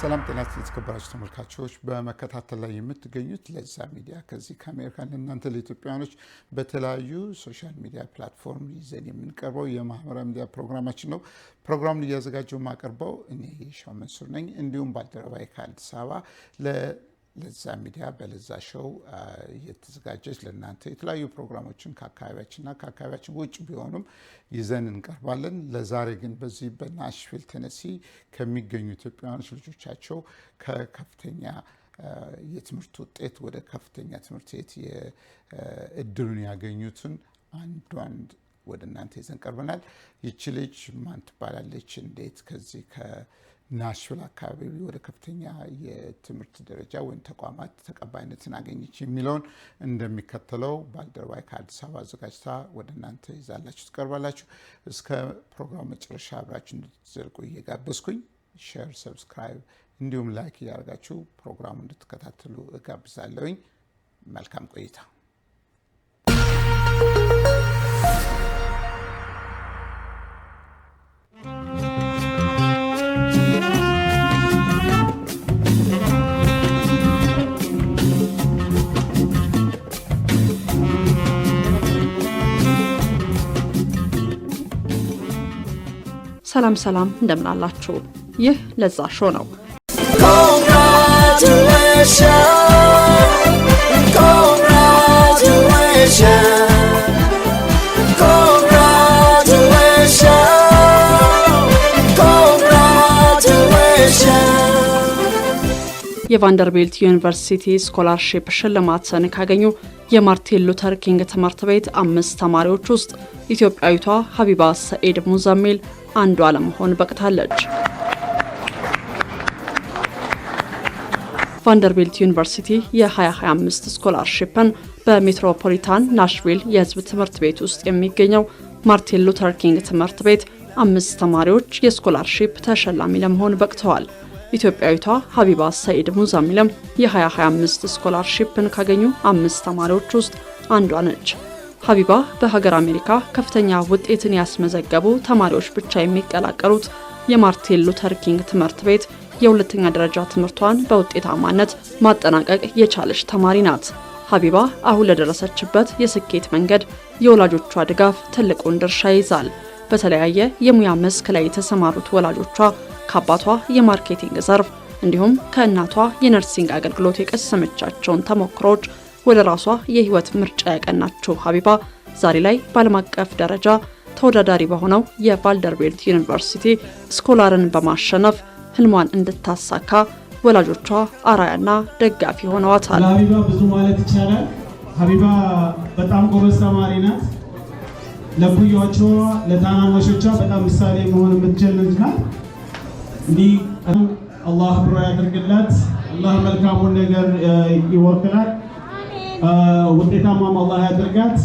ሰላም ጤና የተከበራችሁ ተመልካቾች በመከታተል ላይ የምትገኙት ለዛ ሚዲያ ከዚህ ከአሜሪካን እናንተ ለኢትዮጵያውያኖች በተለያዩ ሶሻል ሚዲያ ፕላትፎርም ይዘን የምንቀርበው የማህበራዊ ሚዲያ ፕሮግራማችን ነው። ፕሮግራሙን እያዘጋጀው የማቀርበው እኔ የሻው መንሱር ነኝ። እንዲሁም ባልደረባዬ ከአዲስ አበባ ለዛ ሚዲያ በለዛ ሸው እየተዘጋጀች ለእናንተ የተለያዩ ፕሮግራሞችን ከአካባቢያችንና ከአካባቢያችን ውጭ ቢሆኑም ይዘን እንቀርባለን። ለዛሬ ግን በዚህ በናሽቪል ቴነሲ ከሚገኙ ኢትዮጵያውያኖች ልጆቻቸው ከከፍተኛ የትምህርት ውጤት ወደ ከፍተኛ ትምህርት ቤት እድሉን ያገኙትን አንዷን ወደ እናንተ ይዘን ቀርበናል። ይቺ ልጅ ማን ትባላለች? እንዴት ከዚህ ናሽቪል አካባቢ ወደ ከፍተኛ የትምህርት ደረጃ ወይም ተቋማት ተቀባይነትን አገኘች የሚለውን እንደሚከተለው ባልደረባይ ከአዲስ አበባ አዘጋጅታ ወደ እናንተ ይዛላችሁ ትቀርባላችሁ። እስከ ፕሮግራም መጨረሻ አብራችሁ እንድትዘልቁ እየጋበዝኩኝ ሼር፣ ሰብስክራይብ እንዲሁም ላይክ እያደርጋችሁ ፕሮግራሙ እንድትከታተሉ እጋብዛለሁኝ። መልካም ቆይታ ሰላም ሰላም፣ እንደምናላችሁ። ይህ ለዛ ሾ ነው። የቫንደርቤልት ዩኒቨርሲቲ ስኮላርሺፕ ሰን ካገኙ የማርቲን ሉተር ኪንግ ትምህርት ቤት አምስት ተማሪዎች ውስጥ ኢትዮጵያዊቷ ሀቢባ ሰኤድ ሙዛሚል አንዷ ለመሆን በቅታለች። ቫንደርቢልት ዩኒቨርሲቲ የ2025 ስኮላርሺፕን በሜትሮፖሊታን ናሽቪል የህዝብ ትምህርት ቤት ውስጥ የሚገኘው ማርቲን ሉተር ኪንግ ትምህርት ቤት አምስት ተማሪዎች የስኮላርሺፕ ተሸላሚ ለመሆን በቅተዋል። ኢትዮጵያዊቷ ሀቢባ ሰኢድ ሙዛሚለም የ2025 ስኮላርሺፕን ካገኙ አምስት ተማሪዎች ውስጥ አንዷ ነች። ሀቢባ በሀገር አሜሪካ ከፍተኛ ውጤትን ያስመዘገቡ ተማሪዎች ብቻ የሚቀላቀሉት የማርቲን ሉተር ኪንግ ትምህርት ቤት የሁለተኛ ደረጃ ትምህርቷን በውጤታማነት ማጠናቀቅ የቻለች ተማሪ ናት። ሀቢባ አሁን ለደረሰችበት የስኬት መንገድ የወላጆቿ ድጋፍ ትልቁን ድርሻ ይዛል። በተለያየ የሙያ መስክ ላይ የተሰማሩት ወላጆቿ ከአባቷ የማርኬቲንግ ዘርፍ እንዲሁም ከእናቷ የነርሲንግ አገልግሎት የቀሰመቻቸውን ተሞክሮች ወደ ራሷ የህይወት ምርጫ ያቀናችው ሀቢባ ዛሬ ላይ በዓለም አቀፍ ደረጃ ተወዳዳሪ በሆነው የቫልደርቤልት ዩኒቨርሲቲ ስኮላርን በማሸነፍ ህልሟን እንድታሳካ ወላጆቿ አራያና ደጋፊ ሆነዋታል። ለሀቢባ ብዙ ማለት ይቻላል። ሀቢባ በጣም ጎበዝ ተማሪ ናት። ለኩያቸዋ ለታናናሾቿ በጣም ምሳሌ መሆን የምትችል ልጅ ናት። እንዲህ አላህ ብሮ ያደርግላት። አላህ መልካሙን ነገር ይወክላል። ውጤታማም አላህ ያደርጋት።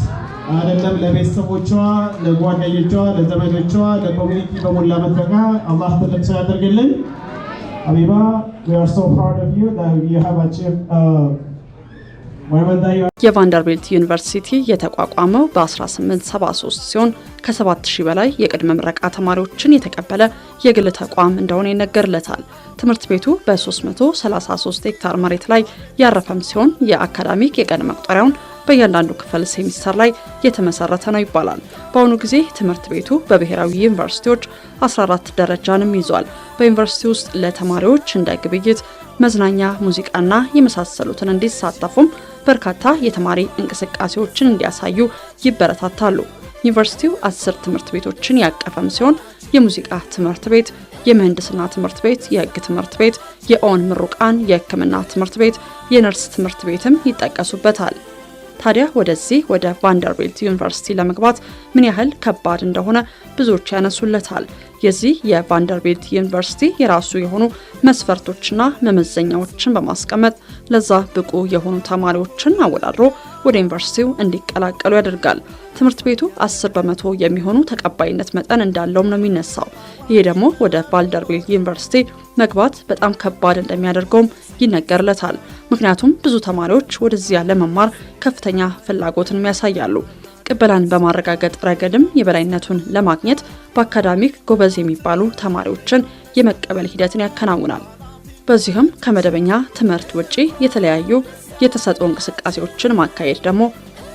አይደለም ለቤተሰቦቿ፣ ለጓደኞቿ፣ ለዘመዶቿ፣ ለኮሚኒቲ በሞላ መጠቃ አላህ ትልቅ ሰው ያደርግልን። ሀቢባ we are so proud of you that you have የቫንደርቢልት ዩኒቨርሲቲ የተቋቋመው በ1873 ሲሆን ከ7000 በላይ የቅድመ ምረቃ ተማሪዎችን የተቀበለ የግል ተቋም እንደሆነ ይነገርለታል። ትምህርት ቤቱ በ333 ሄክታር መሬት ላይ ያረፈም ሲሆን የአካዳሚክ የቀን መቁጠሪያውን በእያንዳንዱ ክፍል ሴሚስተር ላይ የተመሰረተ ነው ይባላል። በአሁኑ ጊዜ ትምህርት ቤቱ በብሔራዊ ዩኒቨርሲቲዎች 14 ደረጃንም ይዟል። በዩኒቨርሲቲ ውስጥ ለተማሪዎች እንደ ግብይት፣ መዝናኛ፣ ሙዚቃና የመሳሰሉትን እንዲሳተፉም በርካታ የተማሪ እንቅስቃሴዎችን እንዲያሳዩ ይበረታታሉ። ዩኒቨርሲቲው አስር ትምህርት ቤቶችን ያቀፈም ሲሆን የሙዚቃ ትምህርት ቤት፣ የምህንድስና ትምህርት ቤት፣ የህግ ትምህርት ቤት፣ የኦን ምሩቃን የህክምና ትምህርት ቤት፣ የነርስ ትምህርት ቤትም ይጠቀሱበታል። ታዲያ ወደዚህ ወደ ቫንደርቢልት ዩኒቨርሲቲ ለመግባት ምን ያህል ከባድ እንደሆነ ብዙዎች ያነሱለታል። የዚህ የቫንደርቢልት ዩኒቨርሲቲ የራሱ የሆኑ መስፈርቶችና መመዘኛዎችን በማስቀመጥ ለዛ ብቁ የሆኑ ተማሪዎችን አወዳድሮ ወደ ዩኒቨርሲቲው እንዲቀላቀሉ ያደርጋል። ትምህርት ቤቱ 10 በመቶ የሚሆኑ ተቀባይነት መጠን እንዳለውም ነው የሚነሳው። ይሄ ደግሞ ወደ ቫልደርቤልት ዩኒቨርሲቲ መግባት በጣም ከባድ እንደሚያደርገውም ይነገርለታል። ምክንያቱም ብዙ ተማሪዎች ወደዚያ ለመማር ከፍተኛ ፍላጎትንም ያሳያሉ። ቅበላን በማረጋገጥ ረገድም የበላይነቱን ለማግኘት በአካዳሚክ ጎበዝ የሚባሉ ተማሪዎችን የመቀበል ሂደትን ያከናውናል። በዚህም ከመደበኛ ትምህርት ውጪ የተለያዩ የተሰጥኦ እንቅስቃሴዎችን ማካሄድ ደግሞ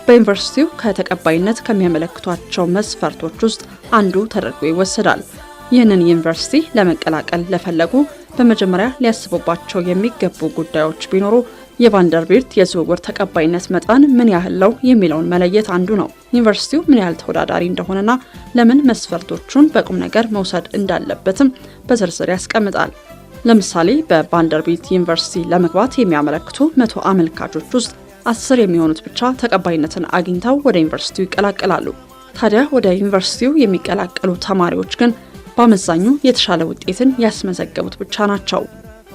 በዩኒቨርሲቲው ከተቀባይነት ከሚያመለክቷቸው መስፈርቶች ውስጥ አንዱ ተደርጎ ይወሰዳል። ይህንን ዩኒቨርሲቲ ለመቀላቀል ለፈለጉ በመጀመሪያ ሊያስቡባቸው የሚገቡ ጉዳዮች ቢኖሩ የቫንደርቢልት የዝውውር ተቀባይነት መጠን ምን ያህል ነው የሚለውን መለየት አንዱ ነው። ዩኒቨርሲቲው ምን ያህል ተወዳዳሪ እንደሆነና ለምን መስፈርቶቹን በቁም ነገር መውሰድ እንዳለበትም በዝርዝር ያስቀምጣል። ለምሳሌ በቫንደርቢልት ዩኒቨርሲቲ ለመግባት የሚያመለክቱ መቶ አመልካቾች ውስጥ አስር የሚሆኑት ብቻ ተቀባይነትን አግኝተው ወደ ዩኒቨርሲቲው ይቀላቀላሉ። ታዲያ ወደ ዩኒቨርሲቲው የሚቀላቀሉ ተማሪዎች ግን በአመዛኙ የተሻለ ውጤትን ያስመዘገቡት ብቻ ናቸው።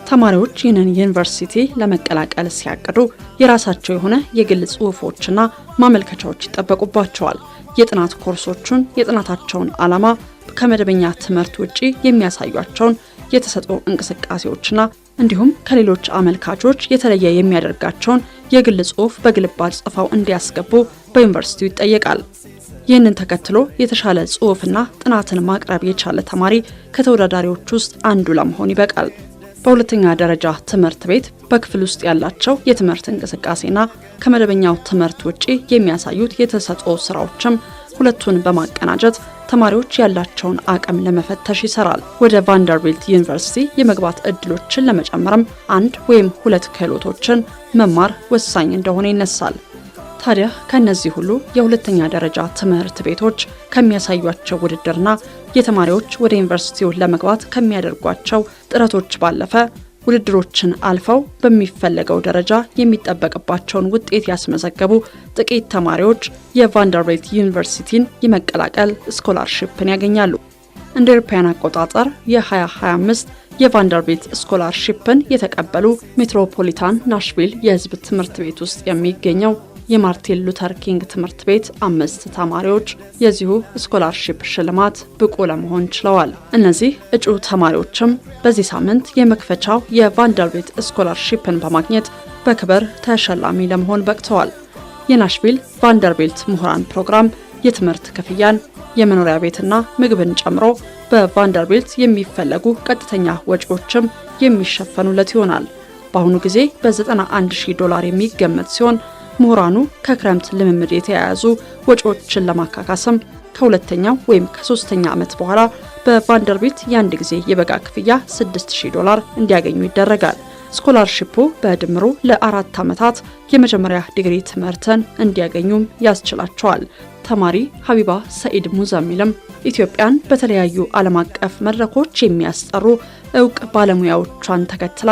ተማሪዎች ይህንን ዩኒቨርሲቲ ለመቀላቀል ሲያቅዱ የራሳቸው የሆነ የግል ጽሑፎችና ማመልከቻዎች ይጠበቁባቸዋል። የጥናት ኮርሶቹን፣ የጥናታቸውን ዓላማ፣ ከመደበኛ ትምህርት ውጪ የሚያሳዩቸውን የተሰጥኦ እንቅስቃሴዎችና እንዲሁም ከሌሎች አመልካቾች የተለየ የሚያደርጋቸውን የግል ጽሑፍ በግልባጭ ጽፈው እንዲያስገቡ በዩኒቨርሲቲው ይጠየቃል። ይህንን ተከትሎ የተሻለ ጽሑፍና ጥናትን ማቅረብ የቻለ ተማሪ ከተወዳዳሪዎች ውስጥ አንዱ ለመሆን ይበቃል። በሁለተኛ ደረጃ ትምህርት ቤት በክፍል ውስጥ ያላቸው የትምህርት እንቅስቃሴና ከመደበኛው ትምህርት ውጪ የሚያሳዩት የተሰጥኦ ስራዎችም ሁለቱን በማቀናጀት ተማሪዎች ያላቸውን አቅም ለመፈተሽ ይሰራል። ወደ ቫንደርቢልት ዩኒቨርሲቲ የመግባት እድሎችን ለመጨመርም አንድ ወይም ሁለት ክህሎቶችን መማር ወሳኝ እንደሆነ ይነሳል። ታዲያ ከእነዚህ ሁሉ የሁለተኛ ደረጃ ትምህርት ቤቶች ከሚያሳዩቸው ውድድርና የተማሪዎች ወደ ዩኒቨርሲቲው ለመግባት ከሚያደርጓቸው ጥረቶች ባለፈ ውድድሮችን አልፈው በሚፈለገው ደረጃ የሚጠበቅባቸውን ውጤት ያስመዘገቡ ጥቂት ተማሪዎች የቫንደርቤልት ዩኒቨርሲቲን የመቀላቀል ስኮላርሽፕን ያገኛሉ። እንደ አውሮፓውያን አቆጣጠር የ2025 የቫንደርቤልት ስኮላርሽፕን የተቀበሉ ሜትሮፖሊታን ናሽቪል የህዝብ ትምህርት ቤት ውስጥ የሚገኘው የማርቲን ሉተር ኪንግ ትምህርት ቤት አምስት ተማሪዎች የዚሁ ስኮላርሺፕ ሽልማት ብቁ ለመሆን ችለዋል። እነዚህ እጩ ተማሪዎችም በዚህ ሳምንት የመክፈቻው የቫንደርቤት ስኮላርሺፕን በማግኘት በክብር ተሸላሚ ለመሆን በቅተዋል። የናሽቪል ቫንደርቤልት ምሁራን ፕሮግራም የትምህርት ክፍያን፣ የመኖሪያ ቤትና ምግብን ጨምሮ በቫንደርቤልት የሚፈለጉ ቀጥተኛ ወጪዎችም የሚሸፈኑለት ይሆናል። በአሁኑ ጊዜ በ91 ሺህ ዶላር የሚገመት ሲሆን ምሁራኑ ከክረምት ልምምድ የተያያዙ ወጪዎችን ለማካካስም ከሁለተኛው ወይም ከሶስተኛ ዓመት በኋላ በቫንደርቢልት የአንድ ጊዜ የበጋ ክፍያ 6000 ዶላር እንዲያገኙ ይደረጋል። ስኮላርሺፑ በድምሩ ለአራት ዓመታት የመጀመሪያ ዲግሪ ትምህርትን እንዲያገኙም ያስችላቸዋል። ተማሪ ሀቢባ ሰኢድ ሙዘሚልም ኢትዮጵያን በተለያዩ ዓለም አቀፍ መድረኮች የሚያስጠሩ እውቅ ባለሙያዎቿን ተከትላ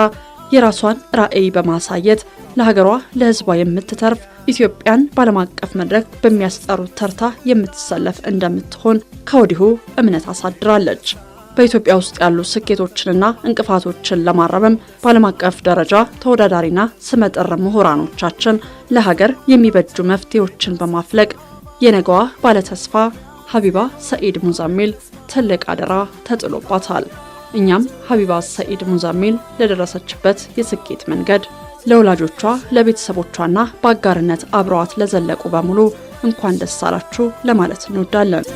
የራሷን ራዕይ በማሳየት ለሀገሯ ለህዝቧ የምትተርፍ ኢትዮጵያን በዓለም አቀፍ መድረክ በሚያስጠሩት ተርታ የምትሰለፍ እንደምትሆን ከወዲሁ እምነት አሳድራለች። በኢትዮጵያ ውስጥ ያሉ ስኬቶችንና እንቅፋቶችን ለማረምም በዓለም አቀፍ ደረጃ ተወዳዳሪና ስመጥር ምሁራኖቻችን ለሀገር የሚበጁ መፍትሄዎችን በማፍለቅ የነገዋ ባለተስፋ ሀቢባ ሰኢድ ሙዛሚል ትልቅ አደራ ተጥሎባታል። እኛም ሀቢባ ሰኢድ ሙዛሚል ለደረሰችበት የስኬት መንገድ ለወላጆቿ ለቤተሰቦቿና በአጋርነት አብረዋት ለዘለቁ በሙሉ እንኳን ደስ አላችሁ ለማለት እንወዳለን።